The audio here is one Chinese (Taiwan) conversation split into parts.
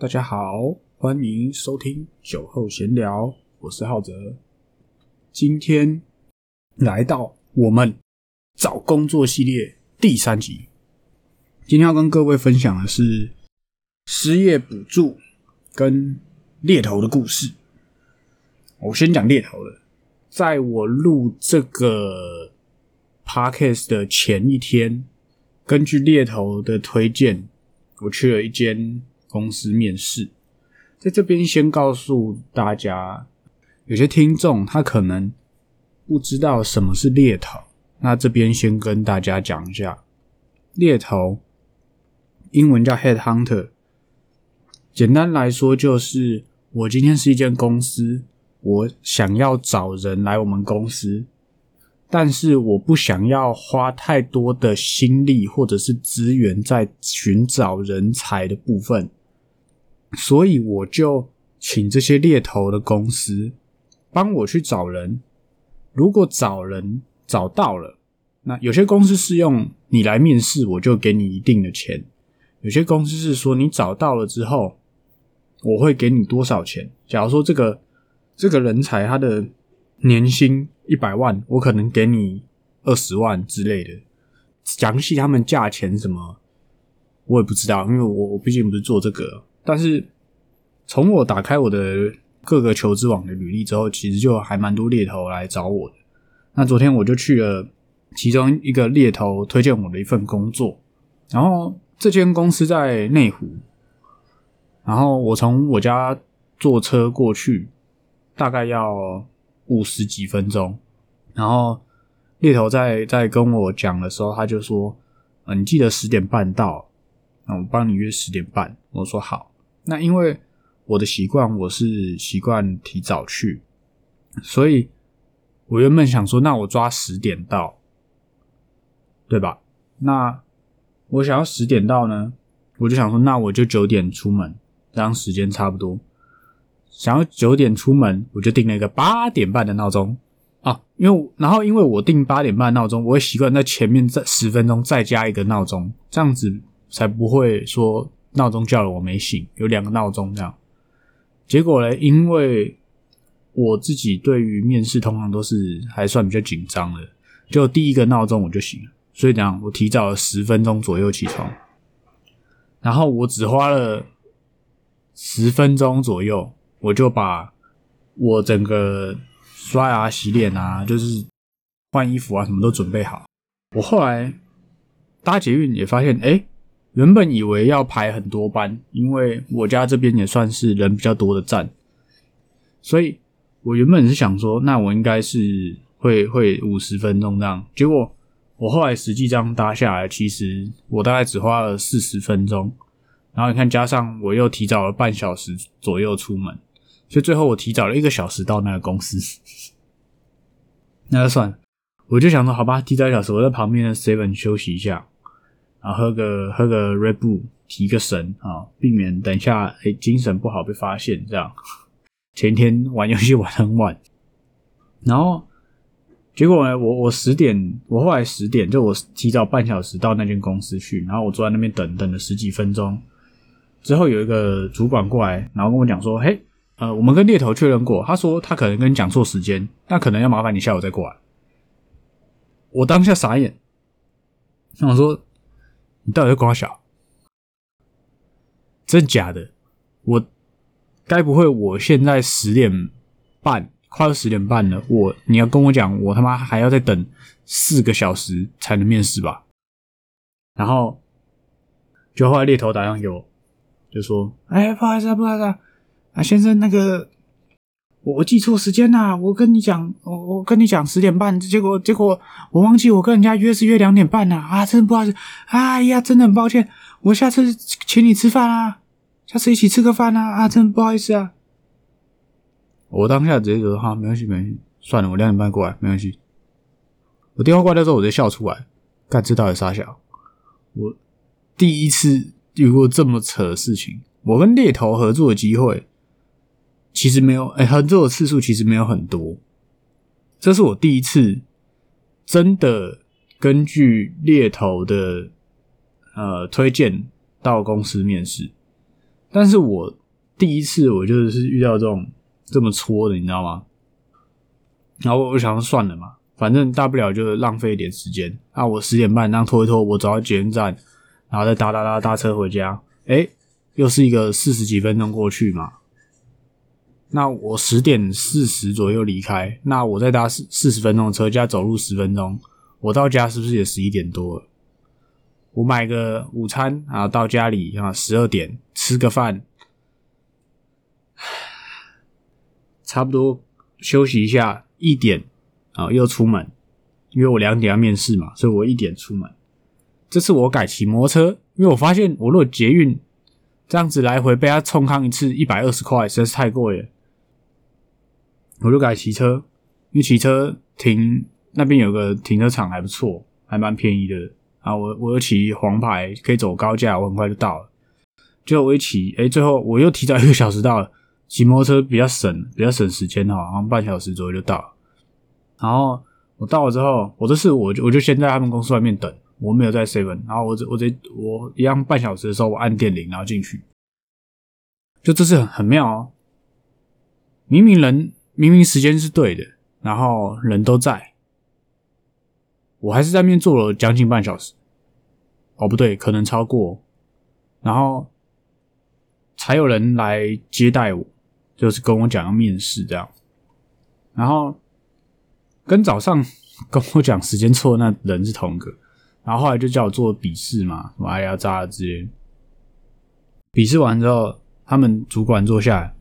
大家好，歡迎收聽酒後閒聊，我是浩澤。今天來到我們找工作系列第三集。今天要跟各位分享的是失業補助跟獵頭的故事。我先講獵頭了。在我錄這個 Podcast 的前一天，根據獵頭的推薦，我去了一間。公司面試，在這邊先告訴大家，有些聽眾他可能不知道什麼是獵頭。那這邊先跟大家講一下，獵頭英文叫 head hunter，簡單來說就是我今天是一間公司，我想要找人來我們公司，但是我不想要花太多的心力或者是資源在尋找人才的部分。所以我就請這些獵頭的公司幫我去找人。如果找人找到了，那有些公司是用你來面試，我就給你一定的錢；有些公司是說你找到了之後，我會給你多少錢。假如說這個這個人才他的年薪一百萬，我可能給你二十萬之類的。詳細他們價錢什麼，我也不知道，因為我我畢竟不是做這個。但是從我打開我的各個求職網的履歷之後，其實就還蠻多獵頭來找我的。那昨天我就去了其中一個獵頭推薦我的一份工作，然後這間公司在內湖，然後我從我家坐車過去大概要五十幾分鐘。然後獵頭在在跟我講的時候，他就說：“啊，你記得十點半到，我幫你約十點半。”我說：“好。”那因為我的習慣，我是習慣提早去，所以我原本想說，那我抓十點到，對吧？那我想要十點到呢，我就想說，那我就九點出門，這樣時間差不多。想要九點出門，我就定了一個八點半的鬧鐘啊，因為然後因為我定八點半鬧鐘，我會習慣在前面再十分鐘再加一個鬧鐘，這樣子才不會說。鬧鐘叫了，我沒醒，有兩個鬧鐘這樣。結果呢，因為我自己對於面試通常都是還算比較緊張的，就第一個鬧鐘我就醒了，所以怎樣，我提早了十分鐘左右起床。然後我只花了十分鐘左右，我就把我整個刷牙、啊、洗臉啊，就是換衣服啊，什麼都準備好。我後來搭捷運也發現，哎、欸。原本以為要排很多班，因為我家這邊也算是人比較多的站，所以我原本是想說，那我應該是會會五十分鐘這樣。結果我後來實際這樣搭下來，其實我大概只花了四十分鐘。然後你看，加上我又提早了半小時左右出門，所以最後我提早了一個小時到那個公司，那就算了。我就想說，好吧，提早一小時，我在旁邊的 seven 休息一下。然後喝個喝個 Red Bull 提個神啊，避免等一下誒精神不好被發現。這樣前一天玩遊戲玩很晚，然後結果呢，我我十點我後來十點就我提早半小時到那間公司去，然後我坐在那邊等等了十幾分鐘之後，有一個主管過來，然後跟我講說：“嘿，呃，我們跟獵頭確認過，他說他可能跟你講錯時間，那可能要麻煩你下午再過來。”我當下傻眼，那我說。你到底是搞啥小？真假的？我該不會我現在十點半快到十點半了，我你要跟我講我他媽還要再等四個小時才能面試吧？然後就後來獵頭打電話給我，就說：“哎、欸，不好意思啊，不好意思啊，啊先生那個。”我記錯時間啦、啊！我跟你講，我我跟你講十點半，結果結果我忘記我跟人家約是約兩點半啦、啊！啊，真的不好意思，哎呀，真的很抱歉，我下次請你吃飯啊，下次一起吃個飯啊！啊，真的不好意思啊！我當下直接就說哈，沒關係，沒關係，算了，我兩點半過來，沒關係。我電話掛掉之後，我就笑出來，幹，這到底殺小！我第一次遇過這麼扯的事情，我跟獵頭合作的機會。其實沒有，誒、欸、很久的次數其實沒有很多。這是我第一次真的根據獵頭的呃推薦到公司面試，但是我第一次我就是遇到這種這麼戳的，你知道嗎？然後我想算了嘛，反正大不了就是浪費一點時間。啊我十點半，那拖一拖，我走到捷運站，然後再搭搭搭搭車回家。誒、欸、又是一個四十幾分鐘過去嘛。那我十點四十左右離開，那我再搭四四十分鐘的車，加走路十分鐘，我到家是不是也十一點多了？我買個午餐啊，然後到家裡啊，十二點吃個飯，差不多休息一下一點啊，然後又出門，因為我兩點要面試嘛，所以我一點出門。這次我改騎摩托車，因為我發現我如果捷運這樣子來回被他衝康一次一百二十塊，實在是太貴了。我就改騎車，因為騎車停那邊有個停車場還不錯，還蠻便宜的啊。我我又騎黃牌可以走高架，我很快就到了。就我一騎，哎、欸，最後我又提早一個小時到了。騎摩托車比較省，比較省時間哈，然後半小時左右就到了。然後我到了之後，我這次我就我就先在他們公司外面等，我沒有在 seven。然後我我我一樣半小時的時候我按電鈴，然後進去，就這次很很妙哦，明明人，明明時間是對的，然後人都在，我還是在那邊坐了將近半小時。哦，不對，可能超過，然後才有人來接待我，就是跟我講要面試這樣。然後跟早上跟我講時間錯那人是同一個，然後後來就叫我做筆試嘛，什麼哎呀、渣了之類。筆試完之後，他們主管坐下來。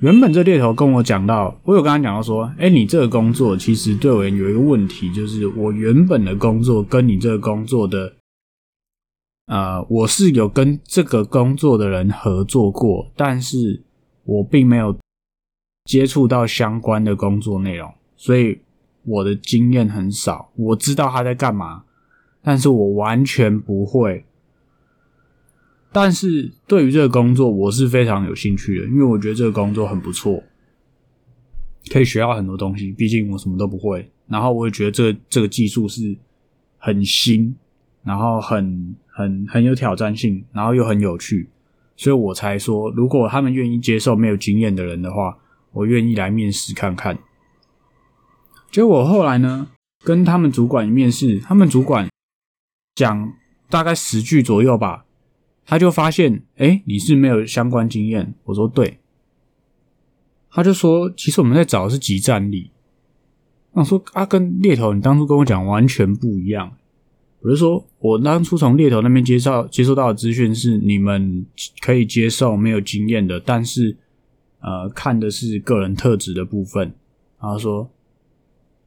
原本這獵頭跟我講到，我有跟他講到說，哎、欸，你這個工作其實對我有一個問題，就是我原本的工作跟你這個工作的，呃，我是有跟這個工作的人合作過，但是我並沒有接觸到相關的工作內容，所以我的經驗很少。我知道他在幹嘛，但是我完全不會。但是對於這個工作，我是非常有興趣的，因為我覺得這個工作很不錯，可以學到很多東西。畢竟我什麼都不會，然後我也覺得這個這個技術是很新，然後很很很有挑戰性，然後又很有趣，所以我才說，如果他們願意接受沒有經驗的人的話，我願意來面試看看。結果後來呢，跟他們主管一面試，他們主管講大概十句左右吧。他就發現，哎、欸，你是沒有相關經驗。我說對。他就說，其實我們在找的是即戰力。那說啊，跟獵頭你當初跟我講完全不一樣。我就說，我當初從獵頭那邊接受接收到的資訊是，你們可以接受沒有經驗的，但是呃，看的是個人特質的部分。然後說，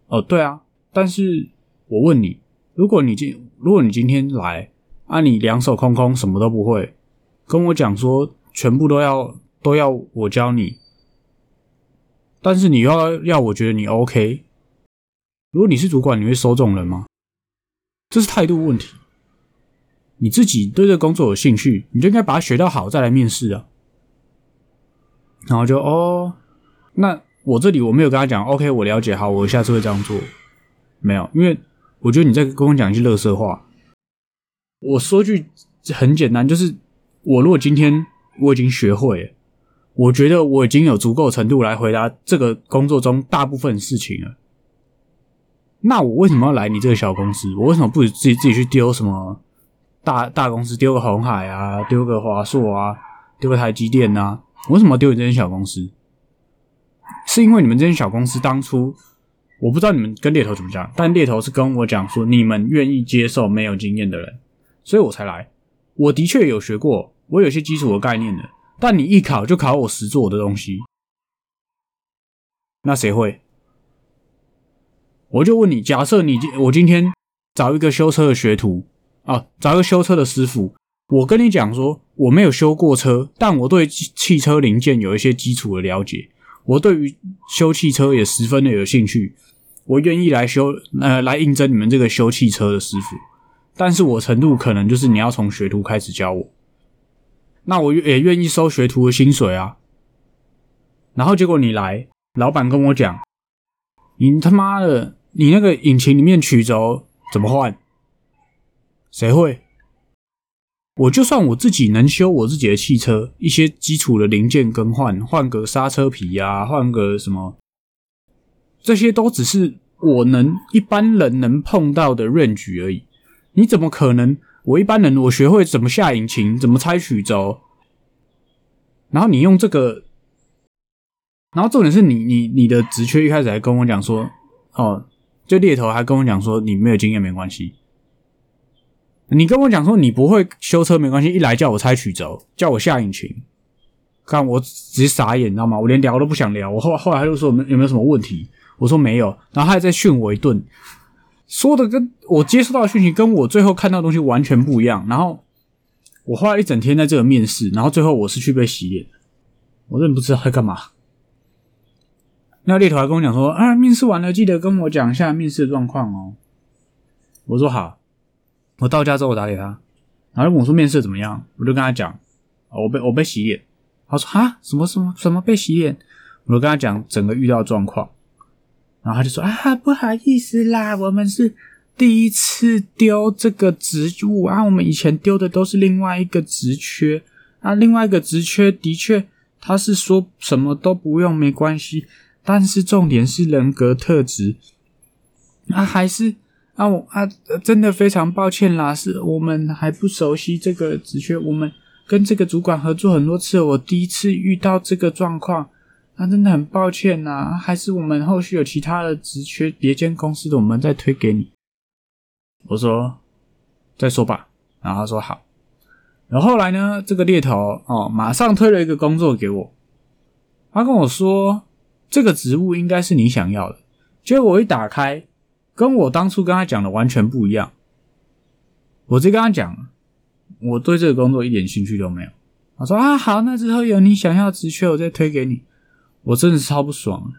哦，對啊。但是我問你，如果你今如果你今天來。啊！你兩手空空，什麼都不會，跟我講說全部都要都要我教你，但是你要要我覺得你 OK，如果你是主管，你會收這種人嗎？這是態度問題。你自己對這個工作有興趣，你就應該把它學到好再來面試啊。然後就哦，那我這裡我沒有跟他講 OK，我了解，好，我下次會這樣做。沒有，因為我覺得你在跟我講一些樂色話。我說句很簡單，就是我如果今天我已經學會了，我覺得我已經有足夠程度來回答這個工作中大部分事情了。那我為什麼要來你這個小公司？我為什麼不自己自己去丟什麼大大公司丟個鴻海啊，丟個華碩啊，丟個台積電啊？我為什麼要丟你這間小公司？是因為你們這間小公司當初我不知道你們跟獵頭怎麼講，但獵頭是跟我講說你們願意接受沒有經驗的人。所以我才來。我的確有學過，我有些基礎的概念了。但你一考就考我實做我的東西，那誰會？我就問你，假設你我今天找一個修車的學徒啊，找一個修車的師傅，我跟你講說，我沒有修過車，但我對汽車零件有一些基礎的了解，我對於修汽車也十分的有興趣，我願意來修呃來應徵你們這個修汽車的師傅。但是我程度可能就是你要從學徒開始教我，那我也願意收學徒的薪水啊。然後結果你來，老闆跟我講：“你他媽的，你那個引擎裡面曲軸怎麼換？誰會？”我就算我自己能修我自己的汽車，一些基礎的零件更換，換個剎車皮啊，換個什麼，這些都只是我能，一般人能碰到的 range 而已。你怎麼可能？我一般人，我學會怎麼下引擎，怎麼拆曲軸，然後你用這個，然後重點是你，你，你的職缺一開始還跟我講說，哦，就獵頭還跟我講說，你沒有經驗沒關係，你跟我講說你不會修車沒關係，一來叫我拆曲軸，叫我下引擎，看我直接傻眼，你知道嗎？我連聊都不想聊，我後後來就說有沒有什麼問題？我說沒有，然後他還在訓我一頓。說的跟我接收到的訊息，跟我最後看到的東西完全不一樣。然後我花了一整天在這個面試，然後最後我是去被洗臉，我真的不知道在幹嘛。那獵頭還跟我講說：“啊，面試完了記得跟我講一下面試的狀況哦。”我說：“好。”我到家之後我打給他，然後如果我說：“面試怎麼樣？”我就跟他講：“我被我被洗臉。”他說：“哈？什麼什麼什麼被洗臉？”我就跟他講整個遇到的狀況。然後他就說：“啊，不好意思啦，我們是第一次丟這個職缺，哦，啊，我們以前丟的都是另外一個職缺啊，另外一個職缺的確他是說什麼都不用沒關係，但是重點是人格特質啊，還是啊我啊真的非常抱歉啦，是我們還不熟悉這個職缺，我們跟這個主管合作很多次，我第一次遇到這個狀況。”那、啊、真的很抱歉吶、啊，還是我們後續有其他的職缺，別間公司的我們再推給你。我說，再說吧。然後他說好。然後後來呢，這個獵頭哦，馬上推了一個工作給我。他跟我說，這個職務應該是你想要的。結果我一打開，跟我當初跟他講的完全不一樣。我就跟他講，我對這個工作一點興趣都沒有。他說啊，好，那之後有你想要的職缺，我再推給你。我真的是超不爽！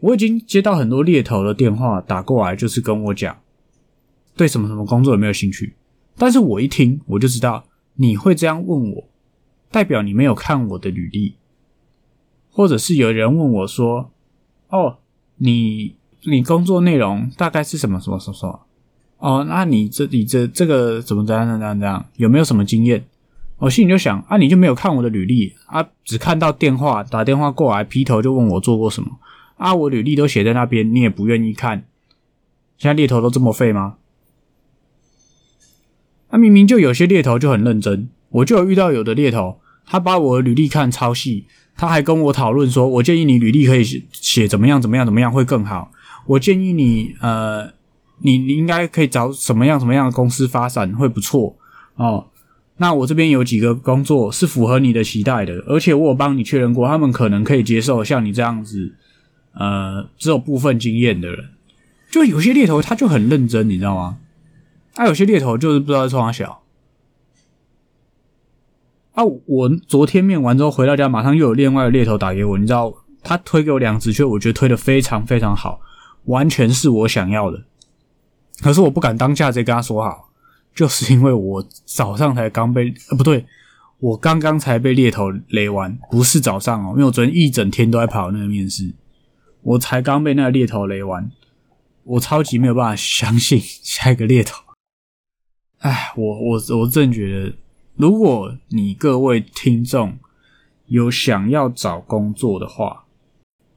我已經接到很多獵頭的電話打過來，就是跟我講對什麼什麼工作有沒有興趣。但是我一聽我就知道，你會這樣問我，代表你沒有看我的履歷，或者是有人問我說：“哦，你你工作內容大概是什麼什麼什麼什麼，哦，那你這你這這個怎麼怎樣怎樣怎樣？有沒有什麼經驗？”我心裡就想，啊，你就沒有看我的履歷啊，只看到電話打電話過來，劈頭就問我做過什麼啊？我履歷都寫在那邊，你也不願意看？現在獵頭都這麼廢嗎？那、啊、明明就有些獵頭就很認真，我就有遇到有的獵頭，他把我的履歷看超細，他還跟我討論說，我建議你履歷可以寫怎麼樣怎麼樣怎麼樣會更好，我建議你呃，你應該可以找什麼樣什麼樣的公司發展會不錯哦。那我這邊有幾個工作是符合你的期待的，而且我有幫你確認過，他們可能可以接受像你這樣子，呃，只有部分經驗的人。就有些獵頭他就很認真，你知道嗎？他、啊、有些獵頭就是不知道在裝啥小。啊，我昨天面完之後回到家，馬上又有另外的獵頭打給我，你知道，他推給我兩只，卻我覺得推得非常非常好，完全是我想要的。可是我不敢當下直接跟他說好。就是因為我早上才剛被呃、啊、不對，我剛剛才被獵頭雷完，不是早上哦、喔，因為我昨天一整天都在跑那個面試，我才剛被那個獵頭雷完，我超級沒有辦法相信下一個獵頭。哎，我我我真覺得，如果你各位聽眾有想要找工作的話，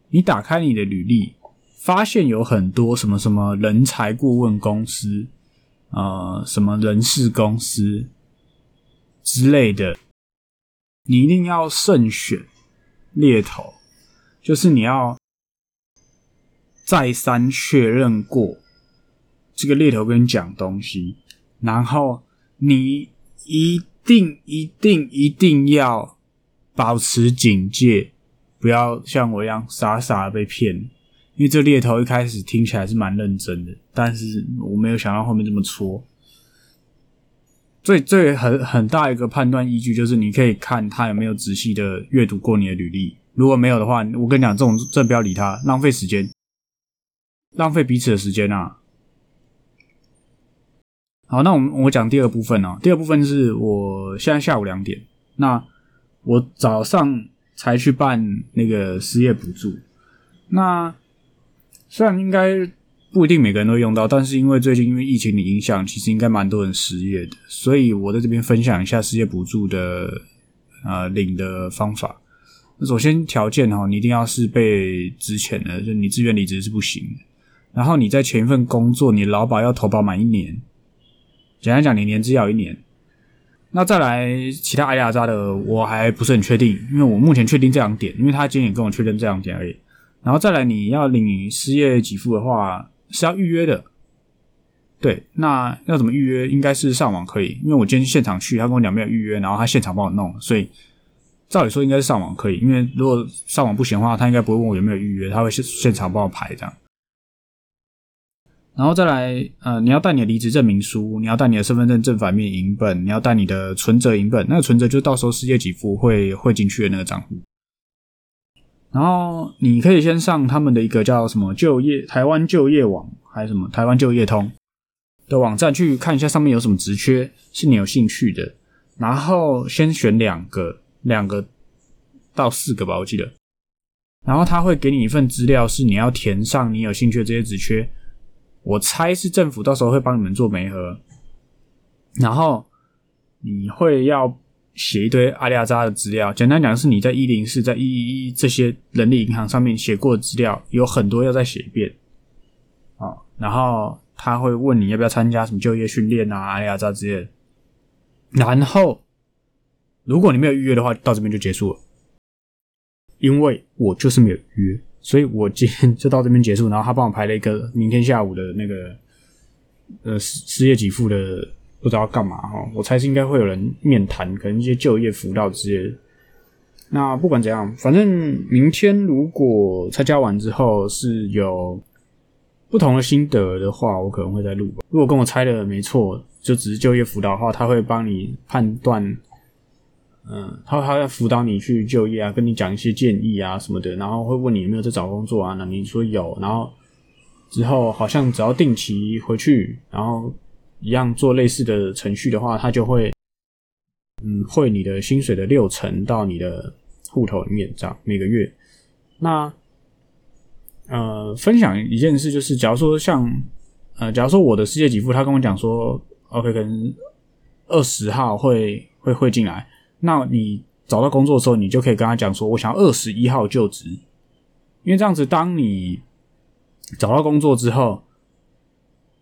你打開你的履歷，發現有很多什麼什麼人才顧問公司。呃，什麼人事公司之類的，你一定要慎選獵頭，就是你要再三確認過這個獵頭跟你講東西，然後你一定一定一定要保持警戒，不要像我一樣傻傻的被騙。因為這獵頭一開始聽起來是蠻認真的，但是我沒有想到後面這麼挫最。最最很很大一個判斷依據就是，你可以看他有沒有仔細的閱讀過你的履歷。如果沒有的話，我跟你講，這種這不要理他，浪費時間，浪費彼此的時間啊。好，那我們我講第二部分啊。第二部分是我現在下午兩點，那我早上才去辦那個失業補助，那。雖然應該不一定每個人都會用到但是因為最近因為疫情的影響，其實應該蠻多人失業的，所以我在這邊分享一下失業補助的呃領的方法。那首先條件哈，你一定要是被資遣的，就你自願離職是不行的。然後你在前一份工作，你勞保要投保滿一年，簡單講，你年資要一年。那再來其他阿扎的，我還不是很確定，因為我目前確定這兩點，因為他今天也跟我確認這兩點而已。然後再來，你要領失業給付的話，是要預約的。對，那要怎麼預約？應該是上網可以，因為我今天現場去，他跟我講沒有預約，然後他現場幫我弄，所以照理說應該是上網可以。因為如果上網不行的話，他應該不會問我有沒有預約，他會現現場幫我排這樣。然後再來，呃，你要帶你的離職證明書，你要帶你的身份證正反面影本，你要帶你的存摺影本，那個存摺就到時候失業給付會匯進去的那個賬戶。然後你可以先上他們的一個叫什麼就業台灣就業網，還是什麼台灣就業通的網站，去看一下上面有什麼職缺是你有興趣的，然後先選兩個，兩個到四個吧，我記得。然後他會給你一份資料，是你要填上你有興趣的這些職缺。我猜是政府到時候會幫你們做媒合。然後你會要。寫一堆阿里阿渣的資料，簡單講是，你在一零四、在一一一這些人力銀行上面寫過的資料，有很多要再寫一遍啊、哦。然後他會問你要不要參加什麼就業訓練啊，阿里阿渣之類的。然後如果你沒有預約的話，到這邊就結束了。因為我就是沒有預約，所以我今天就到這邊結束。然後他幫我排了一個明天下午的那個呃失失業給付的。不知道要幹嘛哈，我猜是應該會有人面談，可能一些就業輔導之類的。那不管怎樣，反正明天如果參加完之後是有不同的心得的話，我可能會再錄吧。如果跟我猜的沒錯，就只是就業輔導的話，他會幫你判斷，嗯，他他會輔導你去就業啊，跟你講一些建議啊什麼的，然後會問你有沒有在找工作啊？那你說有，然後之後好像只要定期回去，然後。一樣做類似的程序的話，他就會，嗯，匯你的薪水的六成到你的戶頭裡面，這樣每個月。那，呃，分享一件事就是，假如說像，呃，假如說我的失業給付他跟我講說，OK，可能二十號會會匯進來。那你找到工作的時候，你就可以跟他講說，我想要二十一號就職，因為這樣子，當你找到工作之後。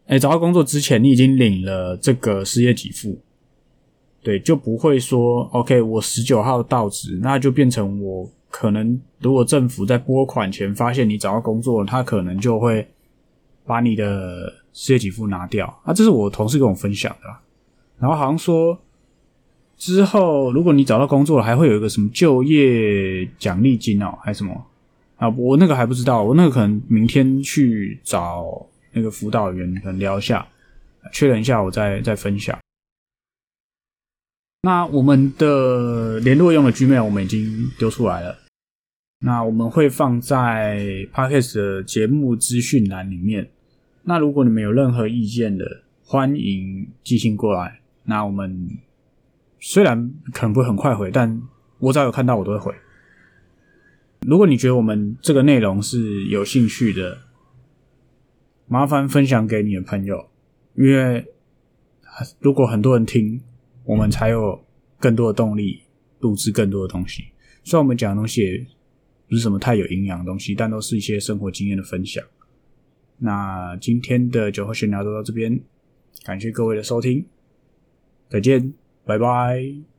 哎、欸，找到工作之前，你已經領了這個失業給付，對，就不會說 OK，我十九號到職，那就變成我可能如果政府在撥款前發現你找到工作了，他可能就會把你的失業給付拿掉。啊，這是我同事跟我分享的啦，然後好像說之後如果你找到工作了，還會有一個什麼就業獎勵金哦、喔，還是什麼啊？我那個還不知道，我那個可能明天去找。那個輔導員可能聊一下，確認一下，我再再分享。那我們的聯絡用的 Gmail，我們已經丟出來了，那我們會放在 Podcast 的節目資訊欄裡面。那如果你們有任何意見的，歡迎寄信過來。那我們雖然可能不會很快回，但我只要有看到我都會回。如果你覺得我們這個內容是有興趣的。麻煩分享給你的朋友，因為如果很多人聽，我們才有更多的動力錄製更多的東西。雖然我們講的東西也不是什麼太有營養的東西，但都是一些生活經驗的分享。那今天的酒後閒聊就到這邊，感謝各位的收聽，再見，拜拜。